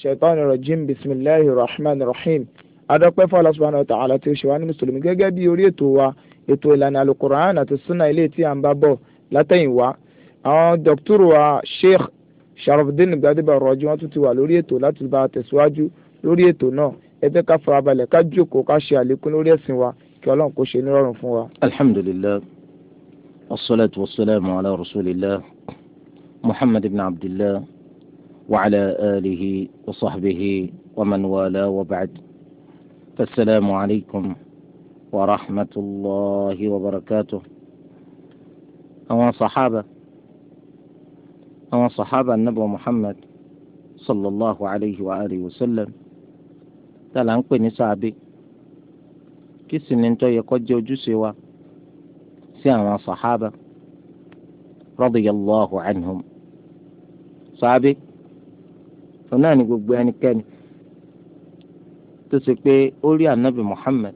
ṣètọ́nù rọ̀jìm bisimilahi rahman rahim adọ́pẹ́ fọlá subhanahu wa ta'ala tí ó ṣe wá ní mùsùlùmí gẹ́gẹ́ bí orí ètò wa ètò ìlànà alukur'an àti sunna ilé tí a ń bá bọ̀ látẹ̀yìnwá àwọn dọ́kítọ́rù wa sheikh sharafdin gbadeba rọ̀jì wọ́n tún ti wà lórí ètò láti bá a tẹ̀síwájú lórí ètò náà ẹ jẹ́ ká farabalẹ̀ ká jókòó ká ṣe àlékún lórí ẹ̀sìn wa kí ọlọ́run kó ṣe وعلى آله وصحبه ومن والاه وبعد فالسلام عليكم ورحمة الله وبركاته أما صحابة أما صحابة النبي محمد صلى الله عليه وآله وسلم تلا نقول نسابي kí sì ni tó yẹ kó jẹ́ ojúṣe wa sí àwọn sàhábà sọ náà gbogbo ẹnikẹ́ni tó ṣe pé ó rí anabi muhammed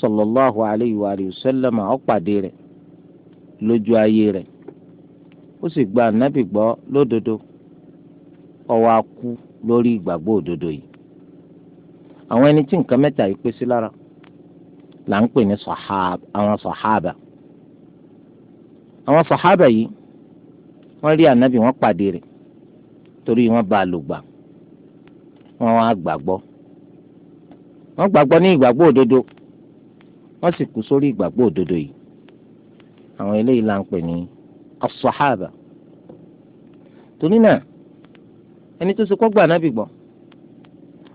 sallallahu alayhi wa sallam ó pàdé rẹ̀ lójú ayé rẹ̀ ó sì gba anabi gbọ́ lódodo ó wá kú lórí ìgbàgbọ́ òdodo yìí àwọn ẹni tí nǹkan mẹ́ta yìí pé sí lára là ń pè ní àwọn sàhábà àwọn sàhábà yìí wọ́n rí anabi wọ́n pàdé rẹ̀ torí wọ́n bá a lò gbà wọ́n wá gbàgbọ́ wọ́n gbàgbọ́ ní ìgbàgbọ́ òdodo wọ́n sì kú sórí ìgbàgbọ́ òdodo yìí àwọn eléyìí là ń pè ní as-sahaba torí náà ẹni tó ṣe kọ́ gbà nábì gbọ́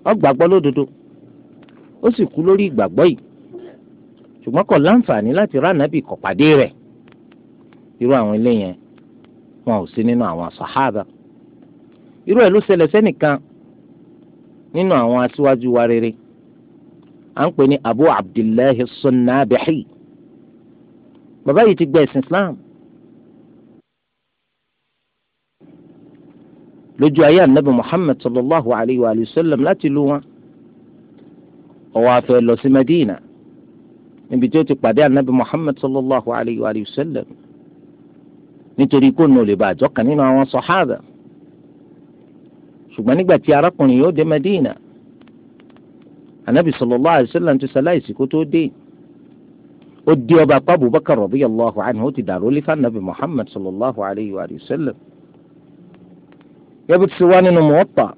ó gbàgbọ́ lódodo ó sì kú lórí ìgbàgbọ́ yìí ṣùgbọ́n kò láǹfààní láti rá nábì kọ̀ pàdé rẹ̀ irú àwọn eléyẹn wọn ò sí nínú àwọn irú ẹ̀ ló ṣẹlẹ̀ sẹ́nìkan nínú àwọn aṣíwájú wa rere à ń pè ní abu abdullahi sunnabihi bàbá yìí ti gba ẹ̀sìn islam lójú ayé anabi muhammad sallallahu alayhi wa sallam láti lu wọn ó wá fẹ́ lọ sí medina níbi tí ó ti pàdé anabi muhammad sallallahu alayhi wa sallam nítorí kó nù lè bàjọ́ kan nínú àwọn sọ̀hábà ṣùgbọ́n nígbà tí arákùnrin yóò dé Medina anabi sallallahu alaihi wasallam ti ṣaláìsí kó tó dé ó di ọba pa Abubakar radiyallahu anhu ó ti dàrú lé fanabi Muhammad sallallahu alaihi wa sallam yẹ́bi ti wá nínú Muwatta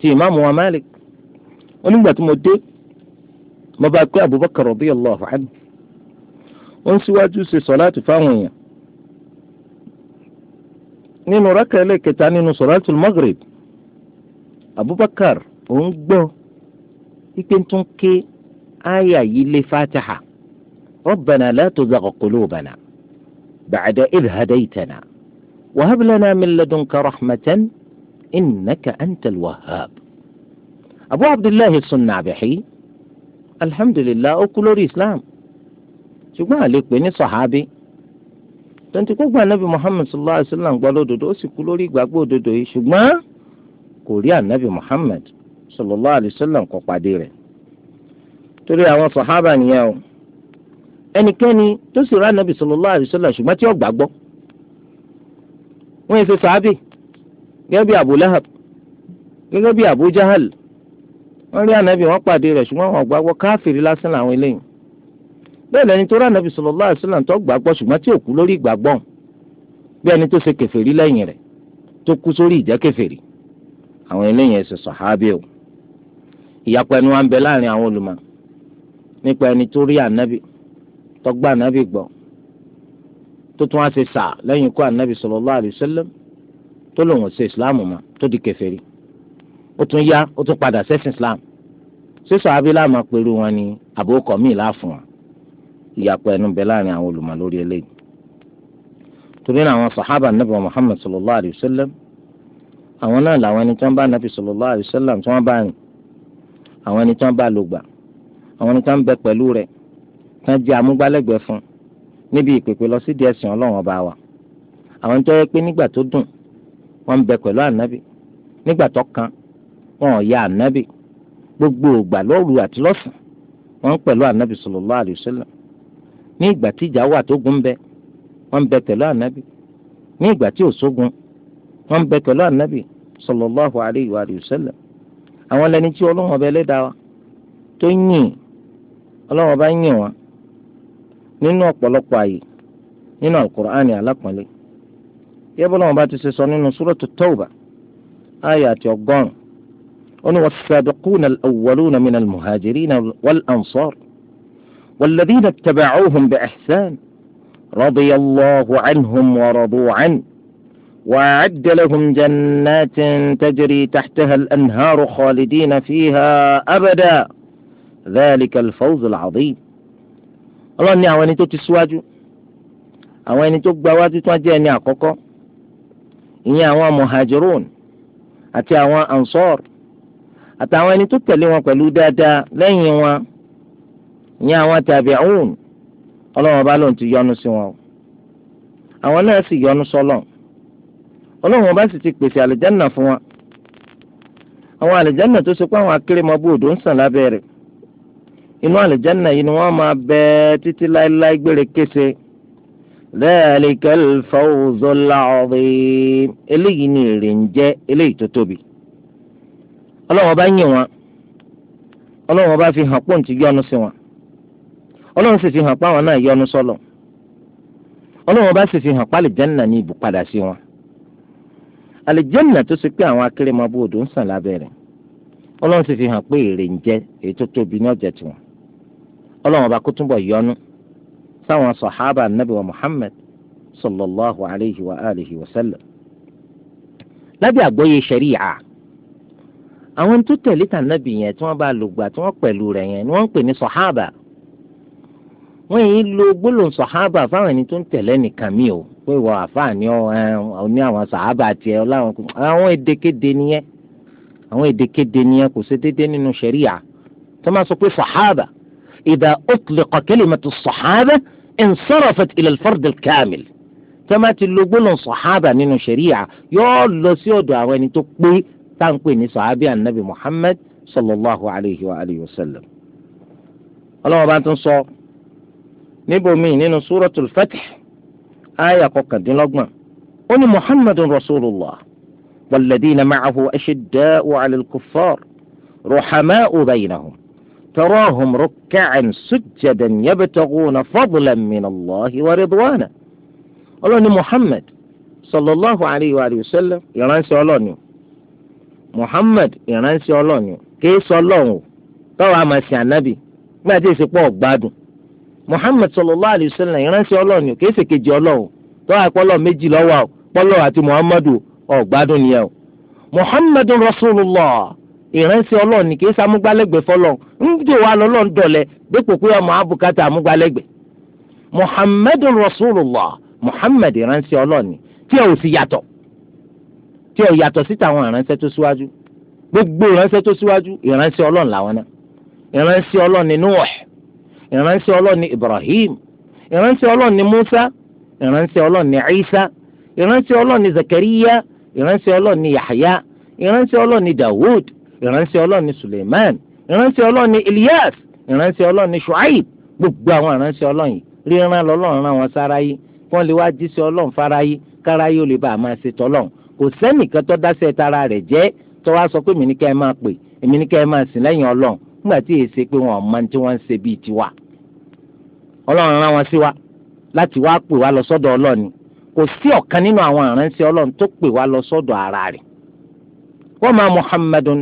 ti ìmáàmù wa Malik ó nígbà tí mo dé mo bá pé Abubakar radiyallahu anhu ó ń síwájú ṣe sọ̀láàtì fáwọn èèyàn nínú rákà kẹta nínú sọ̀rọ̀tún Maghrib Abubakar òun gbọ́ ike tún ké àyà yìí lé Fatiha Rabbana la tuzagh qulubana ba'da idh hadaytana wa hab lana min ladunka rahmatan innaka antal wahab Abu Abdullahi Sunnabihi alhamdulillah ó kú Islam ṣùgbọ́n àlepẹ́ ní sọ̀hábí. So tonti gbogbo anabi muhammed sallallahu alaihi wa sallam gbọ́ lódodo ó sì kú lórí ìgbàgbọ́ òdodo yìí ṣùgbọ́n kò rí anabi muhammed sallallahu alaihi wa sallam kò pàdé rẹ̀ torí àwọn sàhábà nìyẹn o ẹnikẹ́ni tó sì rá anabi sallallahu alaihi wa sallam ṣùgbọ́n tí ó gbàgbọ́ wọ́n yẹ fẹ́ sàábì gẹ́gẹ́ bí abu lahab gẹ́gẹ́ bí abu jahal wọ́n rí anabi wọ́n pàdé rẹ̀ ṣùgbọ́n wọ́n gbàgbọ́ káfíìrì lásán làwọn eléyìí bẹ́ẹ̀ lẹni tó rán nàbì sallallahu alaihi wasallam tó gbàgbọ́ ṣùgbọ́n tí ò kú lórí ìgbàgbọ́ bí ẹni tó ṣe kèfèrí lẹ́yìn rẹ̀ tó kú sórí ìjẹ́ àwọn eléyìí ẹsẹ̀ sọ̀hábì o ìyapọ̀ ẹnu wa ń bẹ láàrin àwọn olùmọ̀ nípa ẹni tó rí ànábì tó gbà ànábì gbọ́ tó tún wá ṣe sà lẹ́yìn ànábì sallallahu alaihi wasallam tó lòun ṣe ìsìláàmù di ìyàpọ̀ ẹnu bẹ láàrin àwọn olùmọ̀ lórí eléyìí torí náà àwọn sàhábà nàbì Muhammad sallallahu alayhi wa sallam àwọn náà làwọn ẹni tí wọ́n bá nàbì sallallahu alayhi wa sallam tí wọ́n bá rìn àwọn ẹni tí wọ́n bá lò gbà àwọn ẹni tí wọ́n bẹ pẹ̀lú rẹ̀ tí wọ́n jẹ́ amúgbálẹ́gbẹ̀ẹ́ fún níbi ìpèpè lọ sí díẹ̀ sìn Ọlọ́run ọba wa àwọn tó yẹ pé nígbà tó dùn wọ́n bẹ pẹ̀lú ànábì nígbà tó kan wọn ò ànábì gbogbo ògbà lóru àti lọ́sàn wọ́n pẹ̀lú ànábì sallallahu alayhi ní ìgbà tí ìjà wà tógun ń bẹ wọ́n ń bẹ pẹ̀lú ànábì ní ìgbà tí òṣogun bẹ ànábì sallallahu alayhi wa sallam àwọn lẹni tí wa tó yìn ọlọ́run ninu yìn wọn nínú ọ̀pọ̀lọpọ̀ àyè nínú alukur'ani alápọ̀nlé yẹ bọ́lá wọn bá ti sọ nínú suratu tawba ayé àti ọgọ́rùn-ún ó ní al na والذين اتبعوهم باحسان رضي الله عنهم ورضوا عنه واعد لهم جنات تجري تحتها الانهار خالدين فيها ابدا ذلك الفوز العظيم الله اني اواني تو تسواجو اواني تو بواتي تو اجاني اقوكو اني اوان مهاجرون اتي انصار اتي اواني تو تلي وان لين ní àwọn tabi'un ọlọ́wọ́n bá lòun ti yọ́nú sí wọn o àwọn náà sì yọ́nú sọ́lọ̀ ọlọ́wọ́n bá sì ti pèsè àlùjánnà fún wọn àwọn àlùjánnà tó ṣe pé àwọn akérèmọ́bù odò ń sàn lábẹ́ rẹ̀ inú àlùjánnà yìí ni wọ́n máa bẹ títí láéláé gbére kése dhalikal fawzul azim eléyìí ni èrè ń jẹ́ eléyìí tó tóbi ọlọ́wọ́n bá yìn wọn ọlọ́wọ́n bá fi hàn pọ́ǹtì yọ́nú sí wọn ọlọ́run sì fi hàn páwọn náà yọ́nú sọ́lọ̀ ọlọ́run ọba sì fi hàn pálí jẹ́nà ní ibùpadà sí wọn àlìjẹ́nà tó ṣe pé àwọn akérèmọ́bù odò ń sàn lábẹ́rẹ̀ ọlọ́run sì fi hàn pé èrè ń jẹ èyí tó tóbi ní ọ̀jẹ̀ tiwọn ọlọ́run ọba kó túnbọ̀ yọ́nú sáwọn sọ̀hábà nàbì wa Muhammad sallallahu alayhi wa alihi wa sallam lábẹ́ àgbọ́yé ṣẹ̀ríyà àwọn tó tẹ̀lé tànàbì yẹn tí wọ́n bá lùgbà tí wọ́n pẹ̀lú rẹ̀ yẹn ni wọ́n ń pè ní sọ̀hábà wọ́n yìí lo gbólóhùn sọ̀hábà fáwọn ẹni tó ń tẹ̀lé nìkan mi ò pé ìwọ àfààní ọ̀ní àwọn sọ̀hábà tiẹ̀ ọláwọn àwọn èdèkéde nìyẹn àwọn èdèkéde nìyẹn kò ṣe déédéé nínú ṣẹ̀ríyà tó máa sọ pé sọ̀hábà ìdá utliqa kalimatu sọ̀hábà insarafat ila al-fard al-kamil tó máa ti lo gbólóhùn sọ̀hábà nínú ṣẹ̀ríyà yóò lọ níbòmí nínú suratul fatih aya kọkàndínlọ́gbọ̀n ó ní muhammadun rasulillah walladina ma'ahu ashidda'u 'alal kuffar ruhama'u baynahum tarahum ruk'an sujjadan yabtaguna fadlan min allahi wa ridwana ọlọ́ni muhammad sallallahu alayhi wa sallam ìránṣẹ́ ọlọ́ni muhammad ìránṣẹ́ ọlọ́ni kì í sọ ọlọ́run o tọ́wọ́ àmàṣe ànábì gbọ́dọ̀ muhammed sallallahu alayhi wa sallam ìránṣẹ́ ọlọ́run kìí ṣe kejì ọlọ́run tọ́wọ́ àpọ́lọ́ méjì lọ́wọ́ pọ́lọ́ àti muhammadu ọ̀gbádùn nìyẹn o muhammed rasulullah ìránṣẹ́ ọlọ́run kìí ṣe amúgbálẹ́gbẹ̀ẹ́ fọlọ́ ńjò wa lọ́lọ́run dọ̀lẹ́ dépò pé ọmọ abùkátà amúgbálẹ́gbẹ̀ẹ́ muhammed rasulullah muhammed ìránṣẹ́ ọlọ́run tí ò sì yàtọ̀ tí ò yàtọ̀ sí ìránṣẹ́ gbogbo ìránṣẹ́ tó síwájú ìránṣẹ́ ọlọ́run làwọn náà ìránṣẹ́ ìránṣẹ́ ọlọ́run ní ibrahim ìránṣẹ́ ọlọ́run ní musa ìránṣẹ́ ọlọ́run ní isa ìránṣẹ́ ọlọ́run ní zakariya ìránṣẹ́ ọlọ́run ní yahya ìránṣẹ́ ọlọ́run ní dawud ìránṣẹ́ ọlọ́run ní suleiman ìránṣẹ́ ọlọ́run ní ilyas ìránṣẹ́ ọlọ́run ní shuaib gbogbo àwọn ìránṣẹ́ ọlọ́run yìí ríran lọ́lọ́run rán wọn sára yìí wọ́n lè wá jí sí ọlọ́run fara yìí kára yìí ó lè bá a máa ṣe tọ́lọ́run kò sẹ́nìkan tó dáṣẹ́ tara rẹ̀ jẹ́ tó wá sọ pé èmi ní ká ẹ máa pè èmi ní ká ẹ máa sìn lẹ́yìn ọlọ́run nígbà tí èsè pé wọn ọmọ tí wọn ń ṣe bíi tiwa ọlọ́run rán wọn sí wa láti wá pè wá lọ sọ́dọ̀ ọlọ́ọ̀ni kò sí ọ̀kan nínú àwọn àránṣẹ́ ọlọ́run tó pè wá lọ sọ́dọ̀ ara rẹ̀ wa ma muhammadun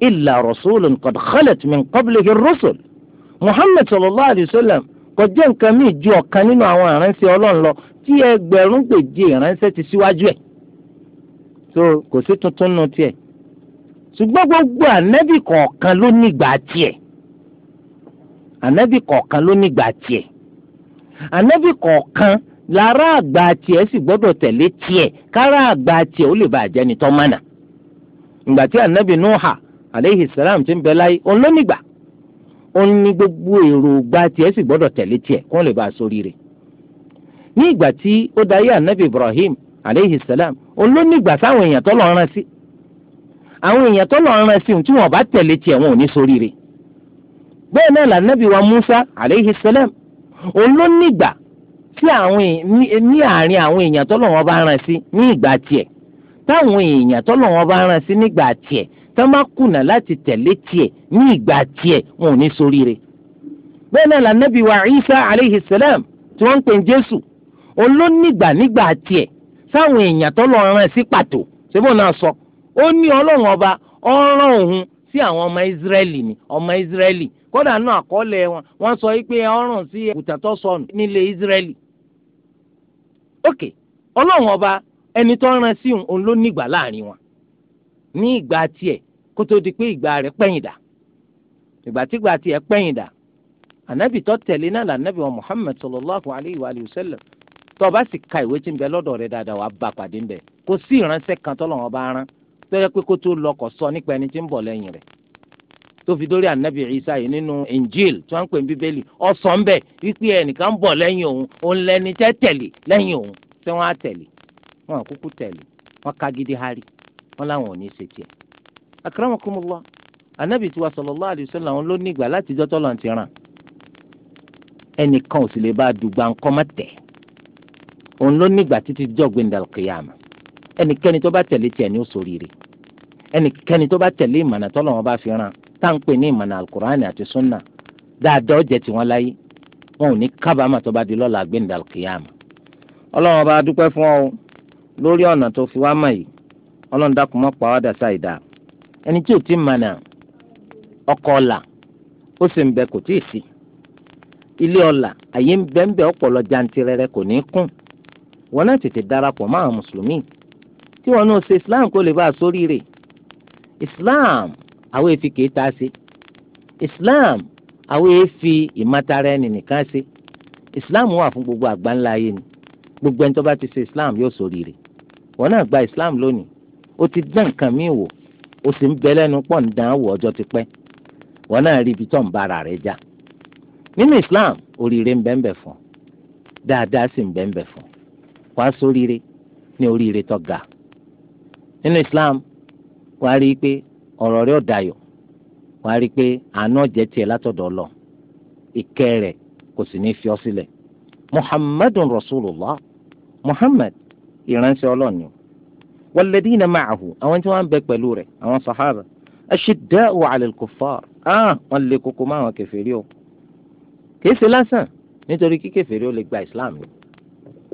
illa rasulun qad khalat min qablihi rusul muhammad sallallahu alayhi wa sallam kò jẹ́ nǹkan míì ju ọ̀kan nínú àwọn àránṣẹ́ ọlọ́run lọ tí ẹgbẹ̀rún gbèje ìránṣẹ́ ti síwájú ẹ̀ so kò sí tuntun nù tiẹ̀ ṣùgbọ́n gbogbo ànábì kọ̀ọ̀kan ló nígbà tiẹ̀ ànábì kọ̀ọ̀kan ló nígbà tiẹ̀ ànábì kọ̀ọ̀kan lára àgbà tiẹ̀ sì gbọ́dọ̀ tẹ̀lé tiẹ̀ kára àgbà tiẹ̀ ó lè bá àjẹni tọ́ mánà ìgbà tí ànábì nuha aleyhi salam ti ń bẹ láyé òun ló nígbà òun ní gbogbo èròǹgbà tiẹ̀ sì gbọ́dọ̀ tẹ̀lé tiẹ̀ kó lè bá a sórí rẹ̀ ní ìgbà tí ó ibrahim aleyhi salam òun ló nígbà èèyàn sí. àwọn èèyàn tó lọ rán sí òun tí wọn bá tẹ̀lé tiẹ̀ wọn ò ní ṣoríire bẹ́ẹ̀ náà lànàbí wa Musa aleyhi salam òun ló nígbà tí àwọn ní àárín àwọn èèyàn tó lọ wọn bá rán sí ní ìgbà tiẹ̀ táwọn èèyàn tó lọ wọn bá rán sí nígbà tiẹ̀ tó má kùnà láti tẹ̀lé tiẹ̀ ní ìgbà tiẹ̀ wọn ò ní ṣoríire bẹ́ẹ̀ náà lànàbí wa Isa aleyhi salam tí wọ́n ń pè Jésù òun ló nígbà nígbà tiẹ̀ sáwọn èèyàn tó lọ rán sí pàtó ṣé ó ní ọlọ́run ọba ọ̀ràn òun sí àwọn ọmọ ìsírẹ́lì ni ọmọ ìsírẹ́lì kódà náà àkọọ́lẹ̀ wọn wọn sọ pé ọ̀ràn sí òkúta tó sọnù nílé ìsírẹ́lì. Oke ọlọ́run ọba ẹni tó rán sí òun ló nígbà láàrin wọn ní ìgbà tiẹ̀ kó tó di pé ìgbà rẹ̀ dà ìgbà tí Muhammad sallallahu alayhi wa sallam tó o bá sì ka ìwé tí ń bẹ lọ́dọ̀ rẹ̀ dáadáa bá pàdé ń kan ọba rán tọ́jà pé kó tó lọ kọ̀ sọ nípa ẹni tí ń bọ̀ lẹ́yìn rẹ̀ tó fi dórí ànábì Ìsá yìí nínú Injil tí wọ́n ń pè ní bíbélì ọ̀sán ń bẹ̀ wípé ẹnìkan ń bọ̀ lẹ́yìn òun òun lẹni tẹ́ tẹ̀lé lẹ́yìn òun tí wọ́n á tẹ̀lé wọn à kúkú tẹ̀lé wọn ká gidi hari wọn làwọn ò ní ṣe tiẹ̀. akramakumullah ànábì tiwa sallallahu alaihi wasallam ló ní ìgbà láti jọ́ tọ́lọ̀ ti ràn ẹnìkan ò sì lè bá a dùgbà ńkọ́ mọ́tẹ̀ òun ẹnikẹ́ni tó bá tẹ̀lé ìmọ̀nà tọ́lọ̀ wọn bá fi ràn tá à ń pè ní ìmọ̀nà alukur'ani àti sunna dáadáa ó jẹ́ tiwọn láyé wọn ò ní kábàámà tó bá di lọ́la gbẹ̀ndà kìyàmù ọlọ́run ọba dúpẹ́ fún ọ lórí ọ̀nà tó fi wá mọ̀ yìí ọlọ́run dákun mọ́ pa wá sáìdá ẹni tí ò tí ì mọ̀nà ọkọ̀ ọ̀la ó sì ń bẹ kò tí ì sí ilé ọ̀la àyè ń bẹ ń bẹ ọ̀pọ̀lọ jantirẹrẹ kò ní kún wọn náà tètè darapọ̀ mọ́ àwọn mùsùlùmí tí wọn náà ṣe Islam kó lè bá a sóríire islam àwọn èfi kèéta ṣe islam àwọn èfi ìmátara ẹni nìkan ṣe islam wà fún gbogbo àgbáńlá ayé ni gbogbo ẹni tó bá ti ṣe islam yóò ṣoríire wọn náà gba islam lónìí ó ti dán nǹkan míì wò ó sì ń bẹ lẹ́nu pọ̀ ń dán wò ọjọ́ ti pẹ́ wọn náà rí ibi tó ń bára rẹ̀ já nínú islam oríire ń bẹ́ẹ̀ fún dáadáa sì ń bẹ́ẹ̀ fún wàá ṣoríire ní oríire tó ga nínú islam wàá rí i pé ọ̀rọ̀ rẹ̀ ọ̀dàyọ̀ wàá rí i pé àánú ọ̀jẹ̀ tiẹ̀ látọ̀dọ̀ lọ ìkẹ́ rẹ̀ kò sì ní fi ọ́ sílẹ̀ muhammadun rasulullah muhammad ìránṣẹ́ ọlọ́ọ̀ni walladina ma'ahu àwọn tí wọ́n ń bẹ pẹ̀lú rẹ̀ àwọn sahaba ashidda'u 'ala al-kuffar ah wọ́n lè koko mọ́ àwọn kèfèrí o kìí ṣe lásán nítorí kí kèfèrí ó lè gba islam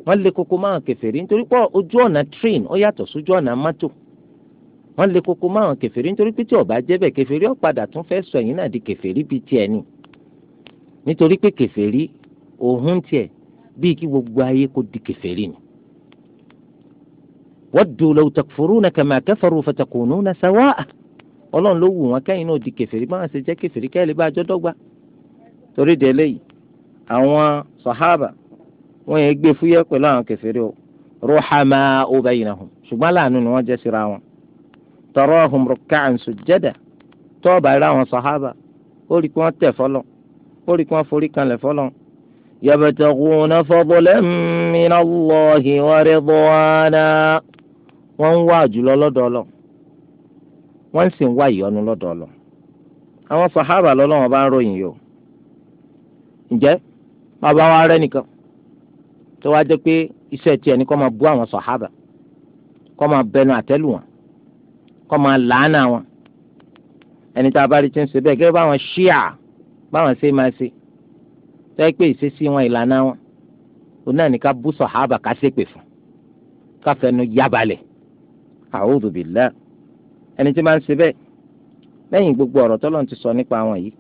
wọ́n lè koko mọ́ àwọn kèfèrí nítorí pé ojú ọ̀nà train ó yàtọ̀ sójú ọ̀nà mọ́tò wọ́n lè koko máa hàn kèfèrí nítorí pé tí ó bá jẹ́ bẹ́ẹ̀ kèfèrí ó padà tún fẹ́ sọ ẹ̀yin náà di kèfèrí bíi tiẹ̀ ni nítorí pé kèfèrí òun tiẹ̀ bíi kí gbogbo ayé kó di kèfèrí ni. waddu law takfuruna kama kafaru fatakununa sawa'a ọlọ́run ló wù wọ́n kẹ́yìn náà di kèfèrí báwọn ṣe jẹ́ kèfèrí kẹ́yìn lè bá àjọ dọ́gba torí délé yìí àwọn sàhábà wọ́n yẹn gbé fúyẹ́ pẹ̀lú àwọn tarahum ruk'an sujada tó o bá rí àwọn sàhábà ó rí kí wọ́n tẹ̀ fọlọ́ ó rí kí wọ́n forí kanlẹ̀ fọlọ́ yabtaghuna fadlan min Allahi wa ridwana wọ́n ń o bàbá wa nìkan tó wá pé ni máa àwọn kọ́ máa làánà wọn ẹni tá a bá rí ti ń ṣe bẹ́ẹ̀ gẹ́gẹ́ báwọn ṣíà báwọn ṣe máa ṣe tẹ́ pé ìṣesí wọn ìlànà wọn òun náà ní ká bú sọ̀hábà ká ṣépè fún ká fẹnu yábalẹ̀ a'udhu billah ẹni tí máa ń ṣe bẹ́ẹ̀ lẹ́yìn gbogbo ọ̀rọ̀ tọ́lọ́run ti sọ nípa àwọn yìí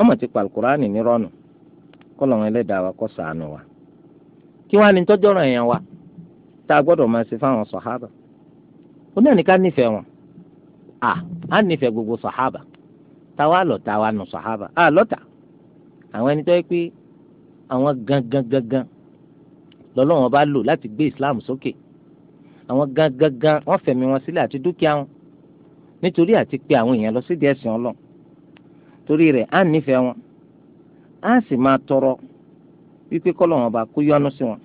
ọmọ ti pa alukurani ní rọ́ọ̀nù kọ́lọ́run ẹlẹ́dàá wa kó ṣàánú wa kí wọ́n á ní tọ́jọ́rọ̀ èèyàn wa tá a gbọ́dọ̀ máa ṣe fáwọn sọ̀hábà òun náà ní ká nífẹ̀ẹ́ wọn à ah, á nífẹ̀ẹ́ gbogbo sàhábà táwa lọ́ta wa nù sàhábà à lọ́ta àwọn ẹni tó yẹ pé àwọn gangan gangan lọ́lọ́wọ́n bá lò láti gbé Islam sókè àwọn gangan gan wọ́n fẹ̀mí wọn sílẹ̀ àti dúkìá wọn nítorí àti pé àwọn èèyàn lọ sídìí ẹ̀sìn ọlọ́ torí rẹ̀ á nífẹ̀ẹ́ wọn á sì máa tọrọ wípé kọ́lọ́wọ́n bá kó yọ́nú sí wọn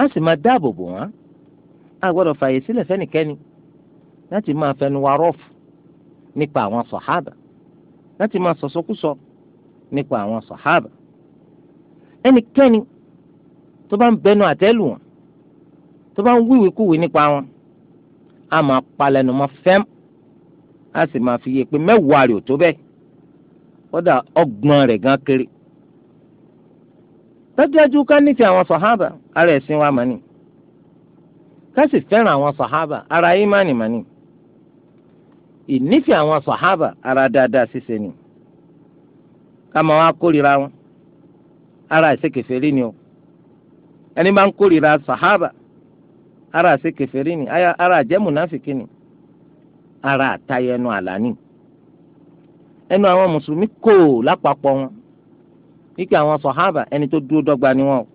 a sì máa dáàbò bò wọ́n á gbọ́dọ̀ fààyè sílẹ̀ fẹ́nikẹ́ni láti máa fẹnu wa rọ́ọ̀fù nípa àwọn sọ̀hábà láti máa sọ̀sọ́kúsọ nípa àwọn sọ̀hábà ẹnikẹ́ni tó bá ń bẹnu àtẹ́lù wọn tó bá ń wíwèkúwè nípa wọn a máa palẹ̀nu mọ́ a sì máa fi yé pé mẹ́wàá rẹ̀ ò tó bẹ́ẹ̀ kódà rẹ̀ gan dájúdájú ká nífẹ̀ẹ́ àwọn sọ̀hábà ara ẹ̀sìn wa ni ká sì fẹ́ràn àwọn sọ̀hábà ara ni ni. ìnífẹ̀ẹ́ àwọn sàhábà ara dáadáa ṣiṣẹ́ ni káma wá kórìíra wọn ara ìṣèkèfèrí ni o ẹni bá ń kórìíra sàhábà ara ìṣèkèfèrí ni ara àjẹmùnáfìkì ni ara àtayẹnu àlàní ẹnu àwọn mùsùlùmí kò lápapọ̀ wọn wípé àwọn sàhábà ẹni tó dúró dọ́gba ni wọn o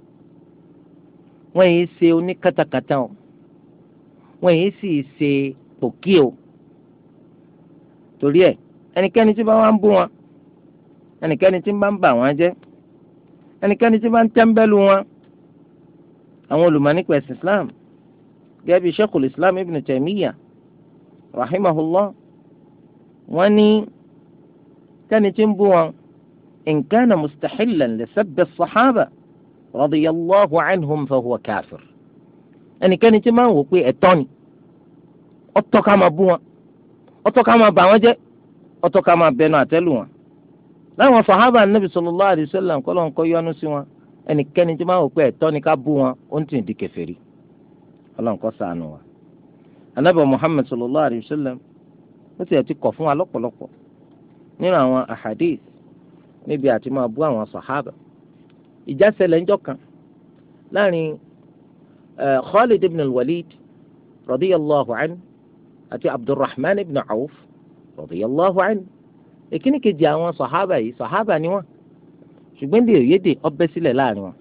wọn yìí ṣe oníkatakata o wọn yìí sì ṣe pòkí o. torí ẹ ẹnikẹ́ni tí bá wá ń bú wọn ẹnikẹ́ni tí bá ń bà wọ́n jẹ́ ẹnikẹ́ni tí bá ń tẹ́ńbẹ́lú wọn àwọn olùmọ̀nípa ẹ̀sìn Islam gẹ́gẹ́ bíi Sheikhul Islam Ibn tẹ̀míyà rahimahullah wọ́n ní kẹ́ni tí ń bú wọn in kana mustahilan li sabbi as-sahaba radiyallahu anhum fa huwa kafir ẹnikẹ́ni tí máa ń wò pé ẹ̀tọ́ ni ọ̀tọ́ ká máa bú wọn ọ̀tọ̀ ká máa bà wọ́n jẹ́ ọ̀tọ̀ ká máa bẹnu àtẹ́lù wọn. láwọn sàhábà nàbì sallallahu alaihi wasallam kọ́ lọ́n kọ́ yọ́nú sí wọn ẹnikẹ́ni tí máa wò pé ẹ̀tọ́ ni ká bú wọn ó ń tì í di kèfèrí ọlọ́run kó ṣàánú wa. anábì muhammed sallallahu alaihi wasallam ó ti ẹ̀tí kọ̀ fún wa lọ́pọ̀lọpọ̀ nínú àwọn ahadith níbi àti máa bú àwọn sàhábà ìjà ṣẹlẹ̀ kan láàrin eh, Khalid ibn al-Walid radiyallahu anhu àti abdulrahman ibn awf radiyallahu anhu èkíní kejì àwọn sàhábà yìí sàhábà ni wọ́n ṣùgbọ́n dè yédè ọbẹ̀ sílẹ̀ láàrin wọn.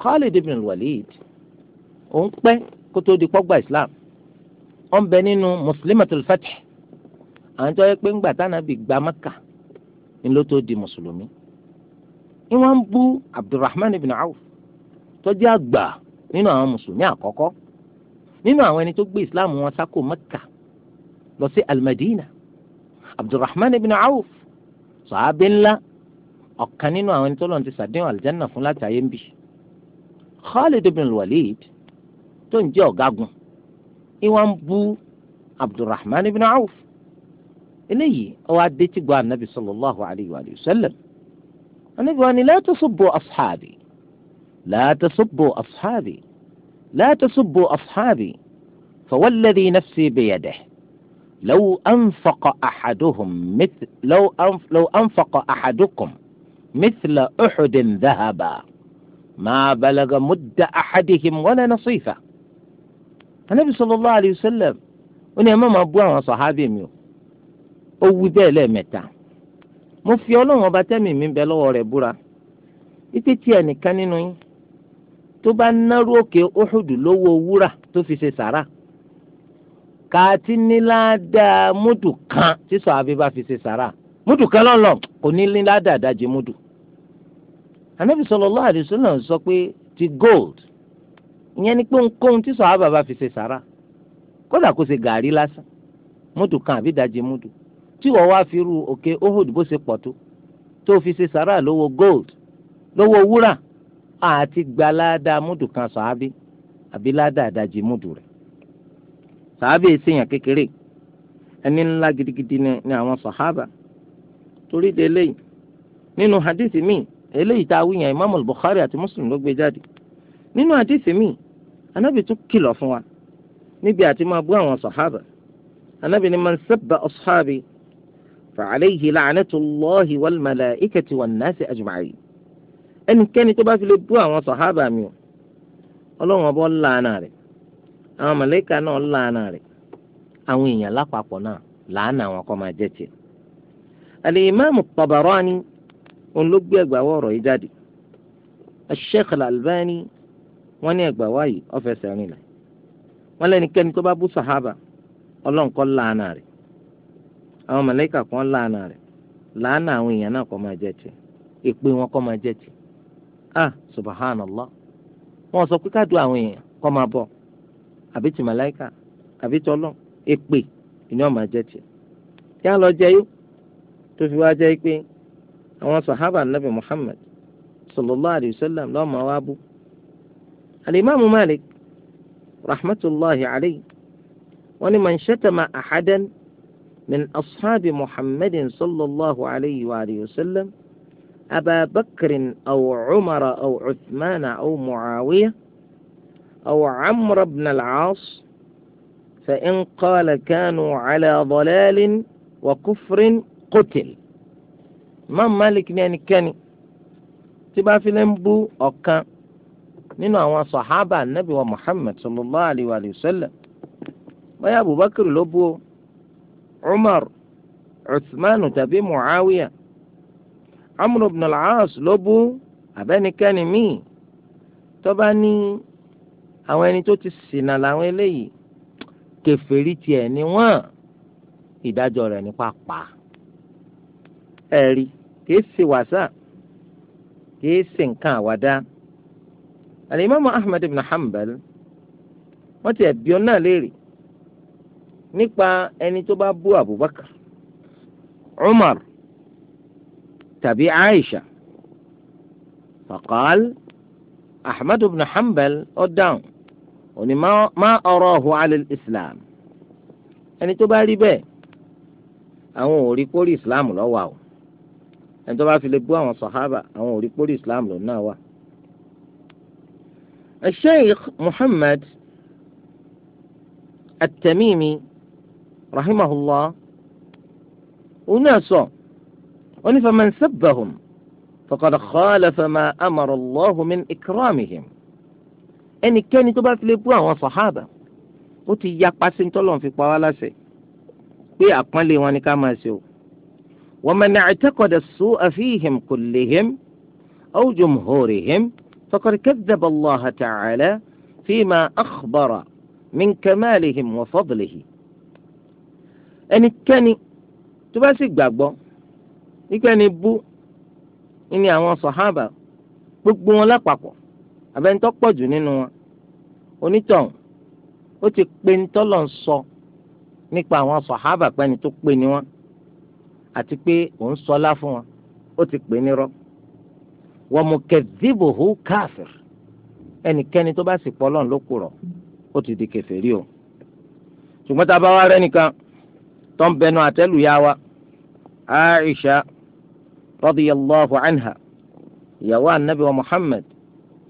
khalid ibn walid òun pẹ́ kó tó di pọ́gbà islam ó ń bẹ nínú muslimatul fath àwọn tó yẹ pé ńgbà tánàbì gba maka ni ló tó di mùsùlùmí. ìwọ́n bú abdulrahman ibn awf tó jẹ́ àgbà nínú àwọn mùsùlùmí àkọ́kọ́ nínú àwọn ẹni tó gbé islam wọn sáko mẹ́kà lọ sí alimadina abdulrahman ibn awf sàábé ńlá ọ̀kan nínú àwọn ẹni tó lọ́n ti sàdéhùn aljanna fún láti ayé ń bì khalid ibn walid tó ń jẹ́ ọ̀gágun ìwọ̀n bu abdulrahman ibn awf eléyìí ọwọ́ adé tí gba anabi sallallahu alayhi wa sallam anabi wa ni la tasubbu ashabi la tasubbu ashabi. لا تسبوا أصحابي فوالذي نفسي بيده لو أنفق أحدهم مثل لو أنف لو أنفق أحدكم مثل أحد ذهبا ما بلغ مد أحدهم ولا نصيفة النبي صلى الله عليه وسلم ó ní ẹ má máa bú àwọn sàhábì mi o ó wí bẹ́ẹ̀ lẹ́ẹ̀mẹ́ta mo fi ọlọ́run ọba tẹ́mi tó bá náró òkè òhùdù lówó wúrà tó fi ṣe sàrà kàtí níládàá múdù kan tí sọ̀hábí bá fi ṣe sàrà múdù kan lọ́nà kò ní níládàá dájì múdù. ànábì sallallahu alaihi wasallam sọ pé ti gold ìyẹn ni pé ohunkóhun tí sọ̀hábà bá fi ṣe sàrà kódà kó ṣe gàárì lásán múdù kan àbí dájì múdù tí wọ́n wá fi ru òkè Uhud bó ṣe pọ̀ tó tó fi ṣe sàrà lówó gold lówó wúrà àti gbalada múdù kan sàábì àbí ládàá ìdajì múdù rẹ̀ sàábì èsèyàn kékeré ẹni ńlá gidigidi ni àwọn sàhábà torí de eléyìí nínú hadith mi eléyìí tá a wíyàn imaamu bukhari àti muslim ló gbé jáde nínú hadith mi anábì tún kìlọ̀ fún wa níbi àti máa bú àwọn sàhábà anábì ni man sabba ashabi fa alayhi la'natullahi wal mala'ikati wan nasi ajma'in. ẹnikẹ́ni tó bá fi lè bú àwọn sọ̀hábà mi o ọlọ́run ọba làánà rẹ̀ àwọn mọ̀lẹ́kà náà làánà rẹ̀ àwọn èèyàn lápapọ̀ náà làánà wọn kọ́ máa jẹ́ tiẹ̀. al-Imam Tabarani òun ló gbé ẹgbàáwọ̀ ọ̀rọ̀ yìí jáde al-Sheikh wọ́n ní ẹgbàáwọ̀ yìí ó fẹsẹ̀ rinlẹ̀ wọ́n lẹ́nikẹ́ni tó bá bú sọ̀hábà ọlọ́run kọ́ làánà rẹ̀ àwọn mọ̀lẹ́kà ah subhanallah wọn sọ pé káàdùn àwọn èèyàn kọ́ máa bọ̀ àbí ti màláìkà àbí tọ́lọ̀ èpè ìní ọ̀mà jẹ́ tiẹ̀ yá lọ jẹ́ yó tó fi wá jẹ́ pé àwọn sàhábà nàbì Muhammad sallallahu alayhi wa sallam lọ́mọ wa bú alimami Malik rahmatulahi alayhi wọn ni man shatama ahadan min ashabi Muhammadin sallallahu alayhi wa sallam. أبا بكر أو عمر أو عثمان أو معاوية أو عمر بن العاص فإن قال كانوا على ضلال وكفر قتل ما مالك يعني كان تبع في لمبو أو كان من هو صحابة النبي ومحمد صلى الله عليه وآله وسلم ويا أبو بكر لبو عمر عثمان تبي معاوية amúlò ibn al-aas ló bú abẹ́nikẹ́ni míì tó bá ní àwọn ẹni tó ti ṣìnà làwọn eléyìí kèfèrí tiẹ̀ ni wọ́n ìdájọ́ rẹ̀ nípa pa ẹ̀rí kìí ṣe wàsà kìí ṣe nǹkan àwàdá alimami ahmed ibn hanbal wọ́n ti ẹ̀bí ọ léèrè nípa ẹni tó bá bú abubakar umar تبي عائشة فقال أحمد بن حنبل قدام وني ما ما أراه على الإسلام يعني تباري به أو ريكول الإسلام لا واو أنت بقى في لبوا صحابة أو ريكول الإسلام لا ناوا الشيخ محمد التميمي رحمه الله وناسه عنف من سبهم فقد خالف ما أمر الله من إكرامهم أني كان تبعت لبوان وصحابة وتي يقاسين تلون في قوالا سي بي أقمالي واني كاما سيو ومن اعتقد السوء فيهم كلهم أو جمهورهم فقد كذب الله تعالى فيما أخبر من كمالهم وفضله أني كان تبعت لبوان nígbà ní bú ní àwọn sọ̀hábà gbogbo wọn lápapọ̀ àbẹ́ntọ́ pọ̀ jù nínú wọn onítọ̀hún ó ti pe ní tọ́lọ̀ ń sọ nípa àwọn sọ̀hábà pẹ́ni tó pe ní wọn àti pé òun sọlá fún wọn ó ti pè nírọ́ wọ́n mú kẹ́díbòhù káfíìr ẹnikẹ́ni tó bá sì pọ́ lọ́n ló kúrọ̀ ó ti di kèfèrí o ṣùgbọ́n tá a bá wá rẹ́nìkan tó ń bẹnu àtẹ́lù wa Aisha. رضي الله عنها anabi النبي ومحمد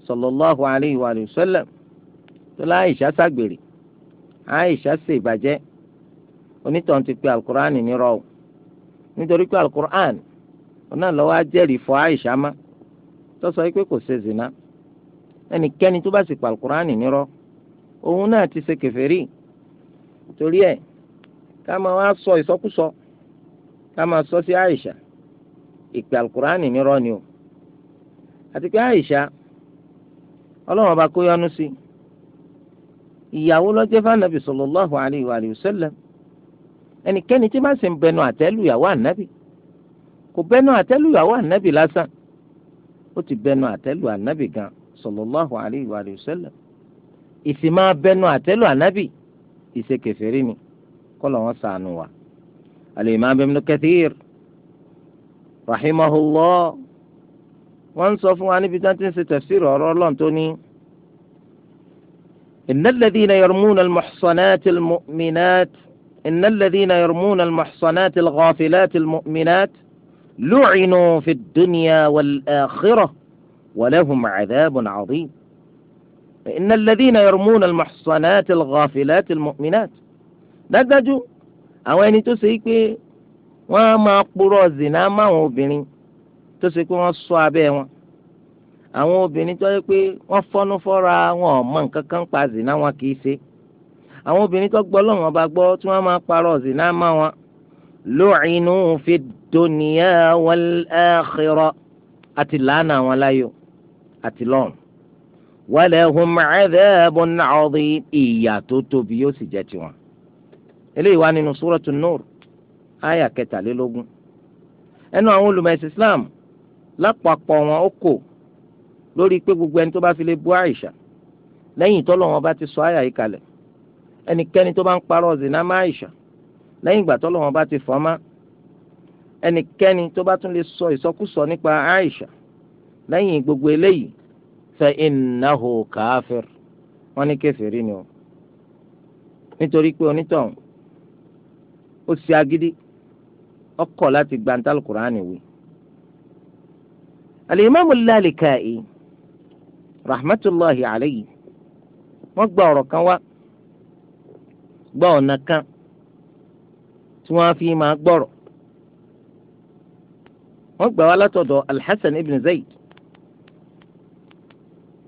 صلى الله عليه وآله وسلم lá àyíṣà ṣàgbèrè àyíṣà ṣe ìbàjẹ́ onítàn ti pe alukur'an nírọ́ o nítorí pé alukur'an ọ̀nà lọ́wọ́ ajẹ́rìí fọ àyíṣà má tó sọ pé kò ṣe zina ẹnikẹ́ni tó bá sì pa alukur'an nírọ́ òun náà ti ṣe kèfèrí torí ẹ̀ ká máa wá sọ ìsọkúsọ ká máa sọ sí àyíṣà ìpè alukur'ani nírọ́ ni o àti pé Àìṣà ọlọ́run ọba kó yọ́nú sí ìyàwó ló jẹ́ fànàbì sallallahu alayhi wa sallam ẹnikẹ́ni tí máa sì ń bẹnu àtẹ́lù ìyàwó ànábì kò bẹnu àtẹ́lù ìyàwó ànábì lásán ó ti bẹnu àtẹ́lù ànábì gan sallallahu alayhi wa sallam ìsì máa bẹnu àtẹ́lù ànábì ìṣe ni kọ́ lọ́wọ́ sànù wa al-Imam Ibn Kathir رحمه الله ń sọ fún wa níbi tí wọ́n ti ń إن الذين يرمون المحصنات المؤمنات إن الذين يرمون المحصنات الغافلات المؤمنات لعنوا في الدنيا والآخرة ولهم عذاب عظيم إن الذين يرمون المحصنات الغافلات المؤمنات dájú او ẹni tó ṣe wọ́n á máa purọ́ zina máwọn obìnrin tó ṣe pé wọ́n sọ abẹ́ wọn àwọn obìnrin tó yẹ pé wọ́n fọ́nú fọ́ra wọn ò mọ nǹkan kan pa zina wọn kì í ṣe àwọn obìnrin tó gbọ́ lọ́wọ́n bá gbọ́ tí wọ́n máa parọ́ zina má wọn lu'inu fi dunya wal akhirah àti làánà wọn láyò àti lọ́run walahum 'adhabun 'adhim ìyà tó tóbi yóò sì jẹ́ tiwọn eléyìí wá nínú Suratu Nur àyà kẹtàlélógún ẹnu àwọn olùmọ̀ẹ̀sìn Islam lápapọ̀ wọn ó kò lórí pé gbogbo ẹni tó bá fi lè bú àìṣà lẹ́yìn tọ́lọ́wọ́n bá ti sọ àyà yìí kalẹ̀ ẹnikẹ́ni tó bá ń parọ́ zina má àìṣà lẹ́yìn ìgbà tọ́lọ́wọ́n bá ti fọ́ má ẹnikẹ́ni tó bá tún lè sọ ìsọkúsọ nípa àìṣà lẹ́yìn gbogbo eléyìí fa innahu káfíìr wọ́n ní kèfèrí ni o nítorí pé onítọ̀hún ó ṣe agídí ọkọ̀ láti gbanta alukur'ani wí. alimami lalikai rahmatulahi alayhi wọ́n gba ọ̀rọ̀ kan wá gba ọ̀nà kan tí wọ́n fi máa gbọ́rọ̀ wọ́n gbà wá látọ̀dọ̀ alhassan ibn zayd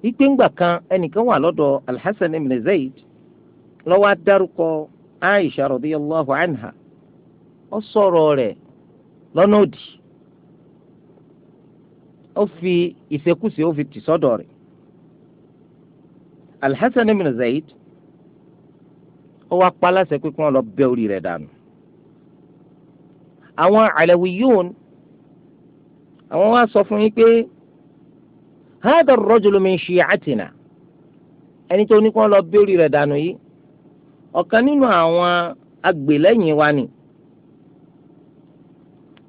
ìpè ńgbà kan ẹnìkan wà lọ́dọ̀ alhassan ibn zayd ló wá aisha radiyallahu anha ó sọ̀rọ̀ rẹ̀ lọ́nà òdì ó fi ìṣekúṣe ó fi tì sọ́dọ̀ rẹ̀ Al-Hasan ibn Zayd ó wá pa láṣẹ pé kí wọ́n lọ bẹ́ orí rẹ̀ dànù àwọn Alawiyun àwọn wá sọ fún yín pé hada ar-rajulu min shi'atina ẹni tó ní kí wọ́n lọ bẹ́ orí rẹ̀ dànù yìí ọ̀kan nínú àwọn agbèlẹ́yìn wa ni.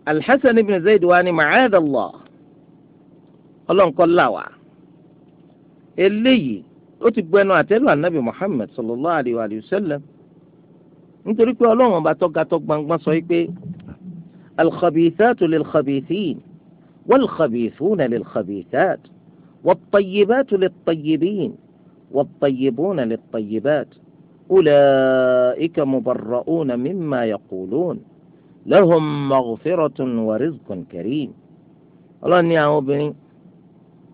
الحسن بن زيد واني معاذ الله اللهم قل اللي أتب بنا تلو النبي محمد صلى الله عليه وآله وسلم أنت ركوا لهم ما توقع توقع الخبيثات للخبيثين والخبيثون للخبيثات والطيبات للطيبين والطيبون للطيبات أولئك مبرؤون مما يقولون lahum maghfiratun wa rizqun karim ọlọ́ni àwọn obìnrin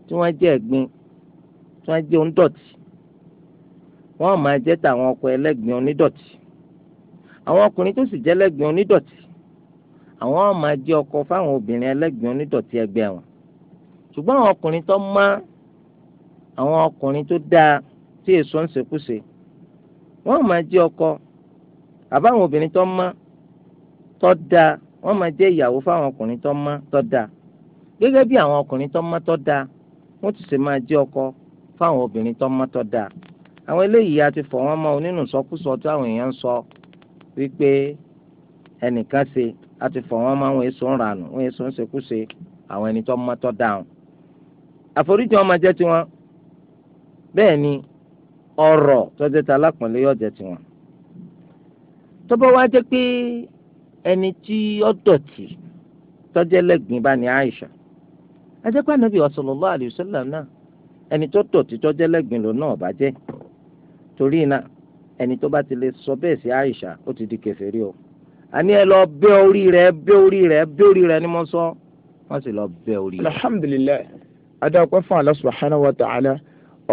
tí wọ́n jẹ́ ẹ̀gbin tí wọ́n jẹ́ onídọ̀tí wọ́n máa jẹ́ tàwọn ọkọ ẹlẹ́gbin onídọ̀tí àwọn ọkùnrin tó sì jẹ́ ẹlẹ́gbin onídọ̀tí àwọn máa jẹ́ ọkọ fáwọn obìnrin ẹlẹ́gbin onídọ̀tí ẹgbẹ́ wọn ṣùgbọ́n àwọn ọkùnrin tó má àwọn ọkùnrin tó dáa tí èso ń ṣekúṣe wọ́n máa jẹ́ ọkọ àbáwọn obìnrin tó má tọ́da wọ́n máa jẹ́ ìyàwó fáwọn ọkùnrin tó mọ́ tọ́da dáa gẹ́gẹ́ bí àwọn ọkùnrin tó mọ́ tọ́da wọ́n ti sì máa jẹ́ ọkọ fáwọn obìnrin tó mọ́ tọ́da. àwọn eléyìí a ti fọ̀ wọ́n mọ́ onínú sọkúsọ tí àwọn èèyàn ń sọ wípé ẹnìkan ṣe a ti fọ̀ wọ́n mọ́ wọn èso ń ranù àwọn èso ń ṣekúṣe àwọn ẹni tó mọ́ tó dáa àforíjì wọn máa jẹ́ tiwọn bẹ́ẹ̀ ni ọ̀rọ̀ tó jẹ́ ẹni tí ó dọ̀tí tọ́jẹ́ lẹ́gbìn bá ní Aisha ajẹ́pẹ́ ànábì sallallahu alayhi wa sallam náà ẹni tó dọ̀tí tọ́jẹ́ lẹ́gbìn ló náà bàjẹ́ torí náà ẹni tó bá ti lè sọ bẹ́ẹ̀ sí Aisha ó ti di kèfèrí o àní ẹ lọ bẹ orí rẹ bẹ orí rẹ bẹ orí rẹ ni mo sọ wọn sì lọ bẹ orí rẹ. alhamdulilayi adáàpẹ́ fún Allah subhanahu wa ta'ala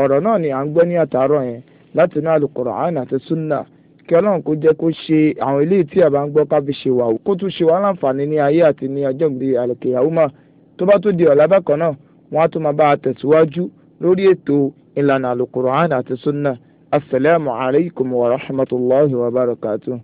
ọ̀rọ̀ náà ni à ń gbọ́ ní àtàárọ̀ yẹn láti náà Al-Qur'an àti sunnah kí ọlọ́run kó jẹ́ kó ṣe àwọn eléyìí tí àbá ń gbọ́ ká fi ṣe wà ó kó tún ṣe wà láǹfààní ní ayé àti ní ọjọ́ ìgbé àlùkìyàwómà tó bá tó di ọ̀la bákan náà wọ́n á tún máa bá a tẹ̀síwájú lórí ètò ìlànà àlùkùránì àti sunna asalaamu alaykum wa rahmatulahi wa barakatuh.